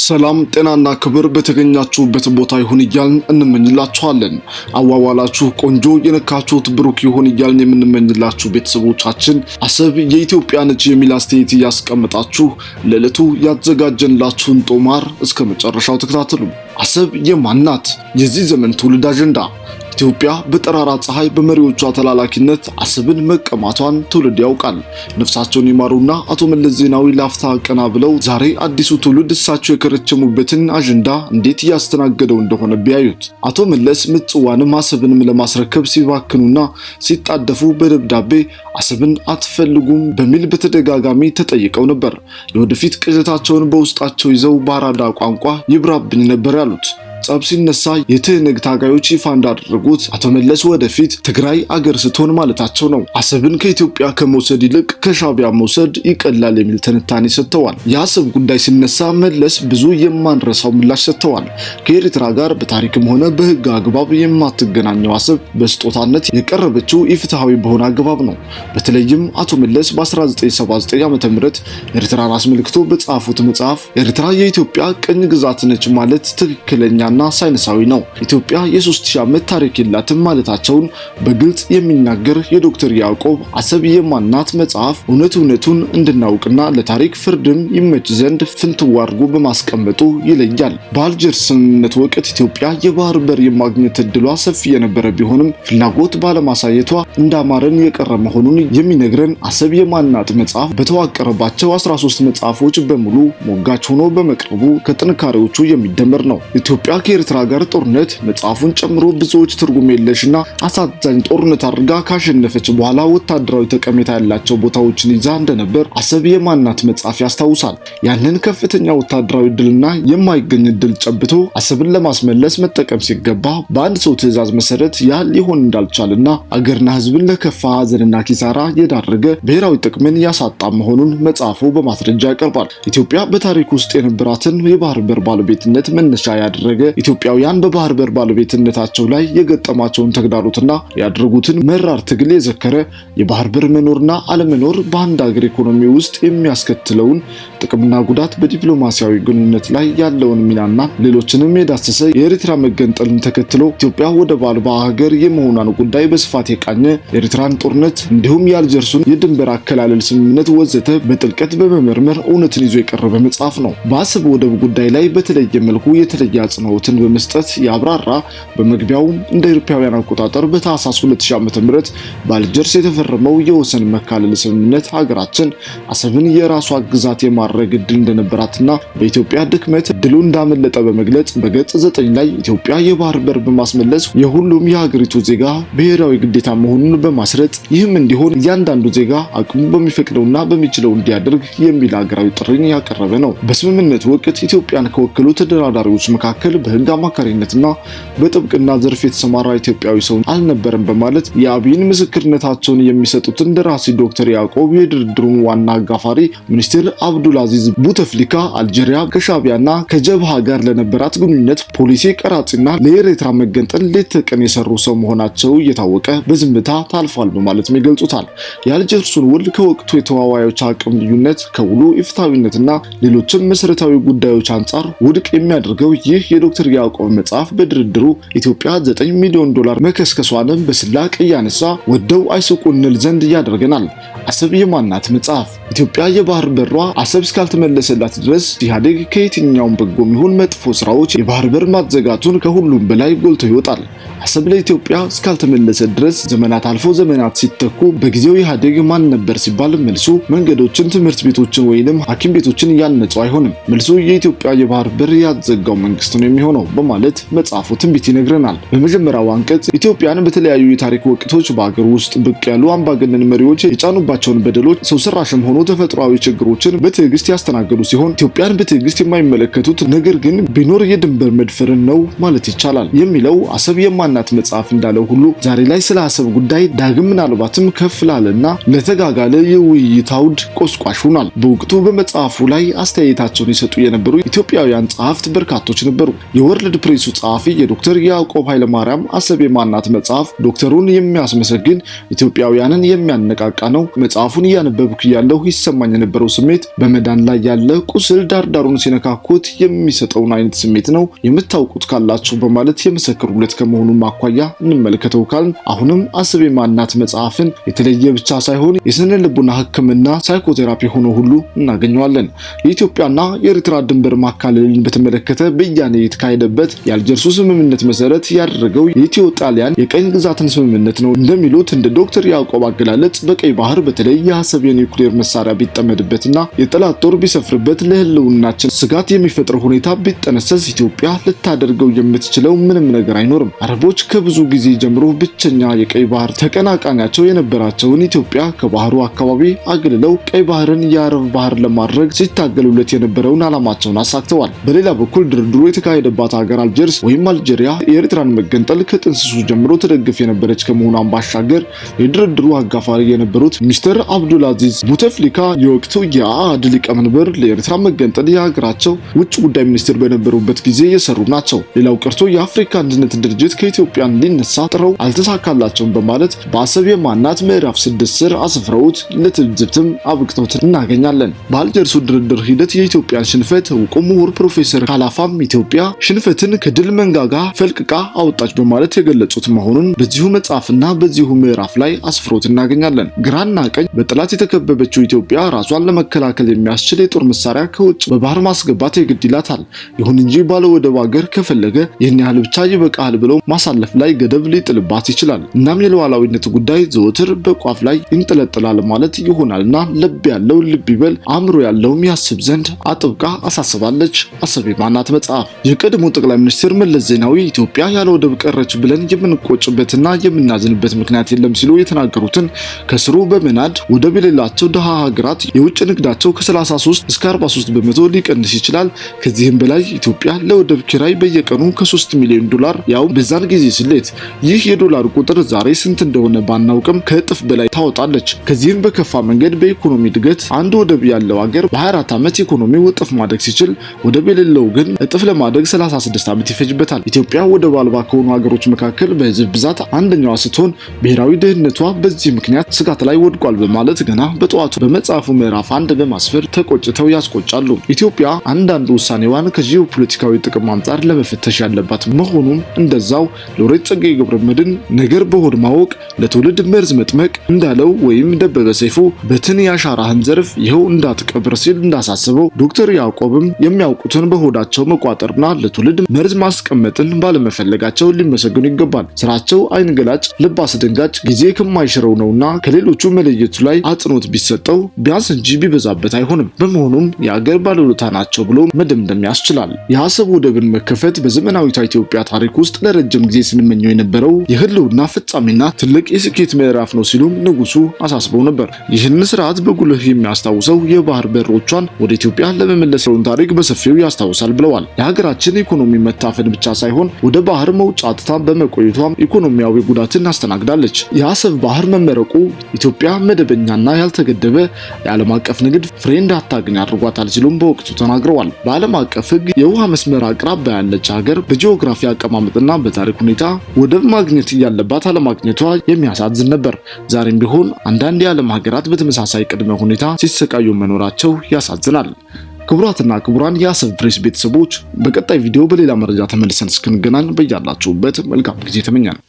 ሰላም ጤናና ክብር በተገኛችሁበት ቦታ ይሁን እያልን እንመኝላችኋለን። አዋዋላችሁ ቆንጆ፣ የነካችሁት ብሩክ ይሁን እያልን የምንመኝላችሁ ቤተሰቦቻችን አሰብ የኢትዮጵያ ነች የሚል አስተያየት እያስቀመጣችሁ ለዕለቱ ያዘጋጀንላችሁን ጦማር እስከ መጨረሻው ተከታተሉ። አሰብ የማናት? የዚህ ዘመን ትውልድ አጀንዳ ኢትዮጵያ በጠራራ ፀሐይ በመሪዎቿ ተላላኪነት አሰብን መቀማቷን ትውልድ ያውቃል። ነፍሳቸውን ይማሩና አቶ መለስ ዜናዊ ላፍታ ቀና ብለው ዛሬ አዲሱ ትውልድ እሳቸው የከረቸሙበትን አጀንዳ እንዴት እያስተናገደው እንደሆነ ቢያዩት። አቶ መለስ ምጽዋንም አሰብንም ለማስረከብ ሲባክኑና ሲጣደፉ በደብዳቤ አሰብን አትፈልጉም በሚል በተደጋጋሚ ተጠይቀው ነበር። የወደፊት ቅዠታቸውን በውስጣቸው ይዘው በአራዳ ቋንቋ ይብራብኝ ነበር ያሉት። ጸብ ሲነሳ የትህንግ ታጋዮች ይፋ እንዳደረጉት አቶ መለስ ወደፊት ትግራይ አገር ስትሆን ማለታቸው ነው። አሰብን ከኢትዮጵያ ከመውሰድ ይልቅ ከሻቢያ መውሰድ ይቀላል የሚል ትንታኔ ሰጥተዋል። የአሰብ ጉዳይ ሲነሳ መለስ ብዙ የማንረሳው ምላሽ ሰጥተዋል። ከኤርትራ ጋር በታሪክም ሆነ በህግ አግባብ የማትገናኘው አሰብ በስጦታነት የቀረበችው ኢፍትሐዊ በሆነ አግባብ ነው። በተለይም አቶ መለስ በ1979 ዓ ም ኤርትራን አስመልክቶ በጻፉት መጽሐፍ ኤርትራ የኢትዮጵያ ቅኝ ግዛት ነች ማለት ትክክለኛ ቀጥተኛና ሳይንሳዊ ነው። ኢትዮጵያ የ3000 ዓመት ታሪክ የላትም ማለታቸውን በግልጽ የሚናገር የዶክተር ያዕቆብ አሰብ የማናት መጽሐፍ እውነት እውነቱን እንድናውቅና ለታሪክ ፍርድም ይመች ዘንድ ፍንትው አድርጎ በማስቀመጡ ይለያል። በአልጀር ስምምነት ወቅት ኢትዮጵያ የባህር በር የማግኘት እድሏ ሰፊ የነበረ ቢሆንም ፍላጎት ባለማሳየቷ እንዳማረን የቀረ መሆኑን የሚነግረን አሰብ የማናት መጽሐፍ በተዋቀረባቸው 13 መጽሐፎች በሙሉ ሞጋች ሆኖ በመቅረቡ ከጥንካሬዎቹ የሚደመር ነው። ኢትዮጵያ ከኤርትራ ጋር ጦርነት መጽሐፉን ጨምሮ ብዙዎች ትርጉም የለሽና አሳዛኝ ጦርነት አድርጋ ካሸነፈች በኋላ ወታደራዊ ጠቀሜታ ያላቸው ቦታዎችን ይዛ እንደነበር አሰብ የማናት መጽሐፍ ያስታውሳል። ያንን ከፍተኛ ወታደራዊ ድልና የማይገኝ ድል ጨብቶ አሰብን ለማስመለስ መጠቀም ሲገባ በአንድ ሰው ትዕዛዝ መሰረት ያ ሊሆን እንዳልቻልና አገርና ሕዝብን ለከፋ ሀዘንና ኪሳራ የዳረገ ብሔራዊ ጥቅምን ያሳጣ መሆኑን መጽሐፉ በማስረጃ ያቀርባል። ኢትዮጵያ በታሪክ ውስጥ የነበራትን የባህር በር ባለቤትነት መነሻ ያደረገ ኢትዮጵያውያን በባህር በር ባለቤትነታቸው ላይ የገጠማቸውን ተግዳሮትና ያደረጉትን መራር ትግል የዘከረ የባህር በር መኖርና አለመኖር በአንድ አገር ኢኮኖሚ ውስጥ የሚያስከትለውን ጥቅምና ጉዳት፣ በዲፕሎማሲያዊ ግንኙነት ላይ ያለውን ሚናና ሌሎችንም የዳሰሰ የኤርትራ መገንጠልን ተከትሎ ኢትዮጵያ ወደብ አልባ ሀገር የመሆኗን ጉዳይ በስፋት የቃኘ የኤርትራን ጦርነት እንዲሁም የአልጀርሱን የድንበር አከላለል ስምምነት ወዘተ በጥልቀት በመመርመር እውነትን ይዞ የቀረበ መጽሐፍ ነው። በአሰብ ወደብ ጉዳይ ላይ በተለየ መልኩ የተለየ አጽንኦት አብሮትን በመስጠት ያብራራ። በመግቢያውም እንደ አውሮፓውያን አቆጣጠር በታህሳስ 2000 ዓ.ም በአልጀርስ የተፈረመው የወሰን መካለል ስምምነት ሀገራችን አሰብን የራሷ ግዛት የማድረግ እድል እንደነበራትና በኢትዮጵያ ድክመት ድሉ እንዳመለጠ በመግለጽ በገጽ 9 ላይ ኢትዮጵያ የባህር በር በማስመለስ የሁሉም የሀገሪቱ ዜጋ ብሔራዊ ግዴታ መሆኑን በማስረጥ ይህም እንዲሆን እያንዳንዱ ዜጋ አቅሙ በሚፈቅደውና በሚችለው እንዲያደርግ የሚል ሀገራዊ ጥሪን ያቀረበ ነው። በስምምነት ወቅት ኢትዮጵያን ከወከሉ ተደራዳሪዎች መካከል በ በህግ አማካሪነትና በጥብቅና ዘርፍ የተሰማራ ኢትዮጵያዊ ሰው አልነበረም በማለት የአብይን ምስክርነታቸውን የሚሰጡት እንደራሲ ዶክተር ያዕቆብ የድርድሩን ዋና አጋፋሪ ሚኒስትር አብዱልአዚዝ ቡተፍሊካ አልጄሪያ ከሻቢያና ከጀብሃ ጋር ለነበራት ግንኙነት ፖሊሲ ቀራጺና ለኤርትራ መገንጠል ሌት ተቀን የሰሩ ሰው መሆናቸው እየታወቀ በዝምታ ታልፏል በማለትም ይገልጹታል። የአልጀርሱን ውል ከወቅቱ የተዋዋዮች አቅም ልዩነት ከውሉ ኢፍታዊነትና ሌሎችም መሰረታዊ ጉዳዮች አንጻር ውድቅ የሚያደርገው ይህ የዶ ዶክተር ያዕቆብ መጽሐፍ በድርድሩ ኢትዮጵያ 9 ሚሊዮን ዶላር መከስከሷንም በስላቅ እያነሳ ወደው አይስቁ እንል ዘንድ ያደርገናል። አሰብ የማናት መጽሐፍ ኢትዮጵያ የባህር በሯ አሰብ እስካልተመለሰላት ድረስ ኢህአዴግ ከየትኛውም በጎም ይሁን መጥፎ ስራዎች የባህር በር ማዘጋቱን ከሁሉም በላይ ጎልቶ ይወጣል። አሰብ ኢትዮጵያ እስካልተመለሰ ድረስ ዘመናት አልፎ ዘመናት ሲተኩ በጊዜው ኢህአዴግ ማን ነበር ሲባል መልሱ መንገዶችን፣ ትምህርት ቤቶችን ወይንም ሐኪም ቤቶችን እያነጹ አይሆንም። መልሱ የኢትዮጵያ የባህር በር ያዘጋው መንግስት ነው የሚሆነው በማለት መጽሐፉ ትንቢት ይነግረናል። በመጀመሪያው አንቀጽ ኢትዮጵያን በተለያዩ የታሪክ ወቅቶች በአገር ውስጥ ብቅ ያሉ አምባገነን መሪዎች የጫኑባቸውን በደሎች፣ ሰው ሰራሽም ሆኖ ተፈጥሯዊ ችግሮችን በትዕግስት ያስተናገዱ ሲሆን ኢትዮጵያን በትዕግስት የማይመለከቱት ነገር ግን ቢኖር የድንበር መድፈርን ነው ማለት ይቻላል የሚለው አሰብ የማን የህፃናት መጽሐፍ እንዳለው ሁሉ ዛሬ ላይ ስለ አሰብ ጉዳይ ዳግም ምናልባትም ከፍ ላለና ለተጋጋለ የውይይት አውድ ቆስቋሽ ሆኗል። በወቅቱ በመጽሐፉ ላይ አስተያየታቸውን የሰጡ የነበሩ ኢትዮጵያውያን ጸሐፍት በርካቶች ነበሩ። የወርልድ ፕሬሱ ጸሐፊ የዶክተር ያዕቆብ ኃይለማርያም አሰብ የማናት መጽሐፍ ዶክተሩን የሚያስመሰግን ኢትዮጵያውያንን የሚያነቃቃ ነው። መጽሐፉን እያነበብኩ ያለሁ ይሰማኝ የነበረው ስሜት በመዳን ላይ ያለ ቁስል ዳርዳሩን ሲነካኩት የሚሰጠውን አይነት ስሜት ነው። የምታውቁት ካላችሁ በማለት የመሰክሩለት ከመሆኑ አኳያ እንመለከተው ካልን አሁንም አስብ የማናት መጽሐፍን የተለየ ብቻ ሳይሆን የስነ ልቡና ሕክምና ሳይኮቴራፒ ሆኖ ሁሉ እናገኘዋለን። የኢትዮጵያና የኤርትራ ድንበር ማካለልን በተመለከተ በያኔ የተካሄደበት የአልጀርሱ ስምምነት መሰረት ያደረገው የኢትዮ ጣሊያን የቀኝ ግዛትን ስምምነት ነው እንደሚሉት እንደ ዶክተር ያዕቆብ አገላለጽ በቀይ ባህር በተለይ የአሰብ የኒውክሌር መሳሪያ ቢጠመድበትና የጠላት ጦር ቢሰፍርበት ለህልውናችን ስጋት የሚፈጥር ሁኔታ ቢጠነሰስ ኢትዮጵያ ልታደርገው የምትችለው ምንም ነገር አይኖርም። አረቦች ጀርመኖች ከብዙ ጊዜ ጀምሮ ብቸኛ የቀይ ባህር ተቀናቃኛቸው የነበራቸውን ኢትዮጵያ ከባህሩ አካባቢ አግልለው ቀይ ባህርን የአረብ ባህር ለማድረግ ሲታገሉለት የነበረውን ዓላማቸውን አሳክተዋል። በሌላ በኩል ድርድሩ የተካሄደባት ሀገር አልጀርስ ወይም አልጄሪያ የኤርትራን መገንጠል ከጥንስሱ ጀምሮ ተደግፍ የነበረች ከመሆኗን ባሻገር የድርድሩ አጋፋሪ የነበሩት ሚስተር አብዱልአዚዝ ቡተፍሊካ የወቅቱ የአአድ ሊቀመንበር ለኤርትራ መገንጠል የሀገራቸው ውጭ ጉዳይ ሚኒስትር በነበሩበት ጊዜ የሰሩ ናቸው። ሌላው ቀርቶ የአፍሪካ አንድነት ድርጅት ከኢትዮ ኢትዮጵያን ሊነሳ ጥረው አልተሳካላቸውም በማለት በአሰብ የማናት ምዕራፍ ስድስት ስር አስፍረውት ለትዝብትም አብቅተውት እናገኛለን። በአልጀርሱ ድርድር ሂደት የኢትዮጵያን ሽንፈት እውቁ ምሁር ፕሮፌሰር ካላፋም ኢትዮጵያ ሽንፈትን ከድል መንጋጋ ፈልቅቃ አወጣች በማለት የገለጹት መሆኑን በዚሁ መጽሐፍና በዚሁ ምዕራፍ ላይ አስፍሮት እናገኛለን። ግራና ቀኝ በጠላት የተከበበችው ኢትዮጵያ ራሷን ለመከላከል የሚያስችል የጦር መሳሪያ ከውጭ በባህር ማስገባት የግድ ይላታል። ይሁን እንጂ ባለወደብ አገር ከፈለገ ይህን ያህል ብቻ ይበቃል ብለው ማሳለፍ ላይ ገደብ ሊጥልባት ይችላል። እናም የሉዓላዊነት ጉዳይ ዘወትር በቋፍ ላይ ይንጠለጠላል ማለት ይሆናልና ልብ ያለው ልብ ይበል፣ አእምሮ ያለውም ያስብ ዘንድ አጥብቃ አሳስባለች። አሰቤ ማናት መጽሐፍ የቀድሞ ጠቅላይ ሚኒስትር መለስ ዜናዊ ኢትዮጵያ ያለ ወደብ ቀረች ብለን የምንቆጭበትና የምናዝንበት ምክንያት የለም ሲሉ የተናገሩትን ከስሩ በመናድ ወደብ የሌላቸው ድሃ ሀገራት የውጭ ንግዳቸው ከ33 እስከ 43 በመቶ ሊቀንስ ይችላል። ከዚህም በላይ ኢትዮጵያ ለወደብ ኪራይ በየቀኑ ከ3 ሚሊዮን ዶላር ያው በዛን ጊዜ ስሌት ይህ የዶላር ቁጥር ዛሬ ስንት እንደሆነ ባናውቅም ከእጥፍ በላይ ታወጣለች። ከዚህም በከፋ መንገድ በኢኮኖሚ እድገት አንድ ወደብ ያለው ሀገር በ24 ዓመት ኢኮኖሚው እጥፍ ማደግ ሲችል ወደብ የሌለው ግን እጥፍ ለማደግ 36 ዓመት ይፈጅበታል። ኢትዮጵያ ወደብ አልባ ከሆኑ ሀገሮች መካከል በህዝብ ብዛት አንደኛዋ ስትሆን ብሔራዊ ድህነቷ በዚህ ምክንያት ስጋት ላይ ወድቋል በማለት ገና በጠዋቱ በመጽሐፉ ምዕራፍ አንድ በማስፈር ተቆጭተው ያስቆጫሉ። ኢትዮጵያ አንዳንድ ውሳኔዋን ከጂኦፖለቲካዊ ጥቅም አንጻር ለመፈተሽ ያለባት መሆኑም እንደዛው ሎሬት ጸጋዬ ገብረመድኅን ነገር በሆድ ማወቅ ለትውልድ መርዝ መጥመቅ እንዳለው ወይም ደበበ ሰይፉ በትን ያሻራህን ዘርፍ ይኸው እንዳትቀብር ሲል እንዳሳስበው ዶክተር ያዕቆብም የሚያውቁትን በሆዳቸው መቋጠርና ለትውልድ መርዝ ማስቀመጥን ባለመፈለጋቸው ሊመሰግኑ ይገባል። ስራቸው አይን ገላጭ፣ ልብ አስደንጋጭ፣ ጊዜ ከማይሽረው ነውና ከሌሎቹ መለየቱ ላይ አጽንኦት ቢሰጠው ቢያንስ እንጂ ቢበዛበት አይሆንም። በመሆኑም የአገር ባለውለታ ናቸው ብሎ መደምደም ያስችላል። የአሰብ ወደብን መከፈት በዘመናዊቷ ኢትዮጵያ ታሪክ ውስጥ ለረጅም ጊዜ ስንመኘው የነበረው የህልውና ፍጻሜና ትልቅ የስኬት ምዕራፍ ነው ሲሉም ንጉሱ አሳስበው ነበር። ይህን ስርዓት በጉልህ የሚያስታውሰው የባህር በሮቿን ወደ ኢትዮጵያ ለመመለሰውን ታሪክ በሰፊው ያስታውሳል ብለዋል። የሀገራችን ኢኮኖሚ መታፈን ብቻ ሳይሆን ወደ ባህር መውጫ ትታ በመቆየቷም ኢኮኖሚያዊ ጉዳትን አስተናግዳለች። የአሰብ ባህር መመረቁ ኢትዮጵያ መደበኛና ያልተገደበ የዓለም አቀፍ ንግድ ፍሬ እንዳታገኝ አድርጓታል ሲሉም በወቅቱ ተናግረዋል። በዓለም አቀፍ ህግ የውሃ መስመር አቅራቢያ ያለች ሀገር በጂኦግራፊ አቀማመጥና በታሪክ ሁኔታ ወደብ ማግኘት እያለባት አለማግኘቷ የሚያሳዝን ነበር። ዛሬም ቢሆን አንዳንድ የዓለም ሀገራት በተመሳሳይ ቅድመ ሁኔታ ሲሰቃዩ መኖራቸው ያሳዝናል። ክቡራትና ክቡራን የአሰብ ፕሬስ ቤተሰቦች፣ በቀጣይ ቪዲዮ በሌላ መረጃ ተመልሰን እስክንገናኝ በያላችሁበት መልካም ጊዜ ተመኛል።